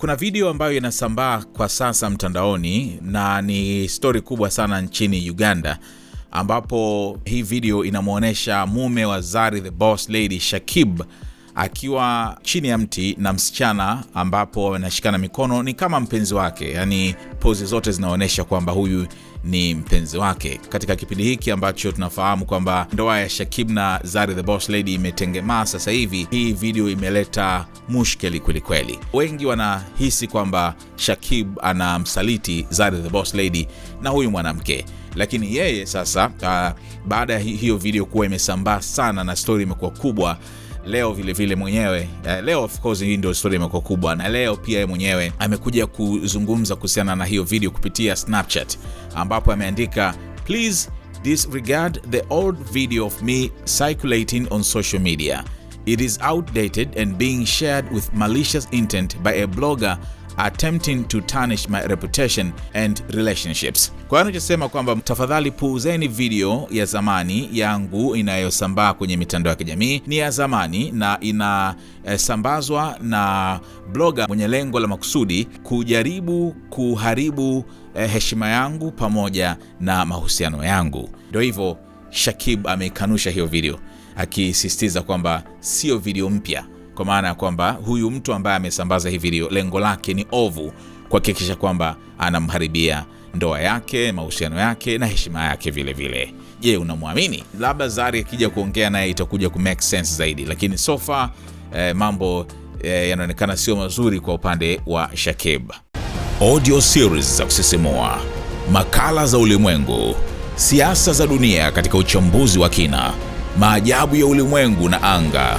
Kuna video ambayo inasambaa kwa sasa mtandaoni na ni stori kubwa sana nchini Uganda, ambapo hii video inamwonyesha mume wa Zari the Boss Lady Shakib akiwa chini ya mti na msichana, ambapo wanashikana mikono, ni kama mpenzi wake. yani pozi zote zinaonyesha kwamba huyu ni mpenzi wake. Katika kipindi hiki ambacho tunafahamu kwamba ndoa ya Shakib na Zari the Boss Lady imetengemaa sasa hivi, hii video imeleta mushkeli kwelikweli. Wengi wanahisi kwamba Shakib anamsaliti Zari the Boss Lady na huyu mwanamke lakini yeye sasa, uh, baada ya hiyo video kuwa imesambaa sana na stori imekuwa kubwa, leo vilevile vile mwenyewe uh, leo of course hii ndio story imekuwa kubwa, na leo pia mwenyewe amekuja kuzungumza kuhusiana na hiyo video kupitia Snapchat ambapo ambapo ameandika please disregard the old video of me circulating on social media it is outdated and being shared with malicious intent by a blogger attempting to tarnish my reputation and relationships. Kwa hiyo anachosema kwamba tafadhali puuzeni video ya zamani yangu inayosambaa kwenye mitandao ya kijamii, ni ya zamani na inasambazwa eh, na bloga mwenye lengo la makusudi kujaribu kuharibu eh, heshima yangu pamoja na mahusiano yangu. Ndio hivyo, Shakib ameikanusha hiyo video akisisitiza kwamba sio video mpya kwa maana ya kwamba huyu mtu ambaye amesambaza hii video lengo lake ni ovu, kuhakikisha kwamba anamharibia ndoa yake, mahusiano yake na heshima yake vile vile. Je, unamwamini? Labda Zari akija kuongea naye itakuja ku make sense zaidi, lakini sofa eh, mambo eh, yanaonekana sio mazuri kwa upande wa Shakib. Audio series za kusisimua, makala za ulimwengu, siasa za dunia katika uchambuzi wa kina, maajabu ya ulimwengu na anga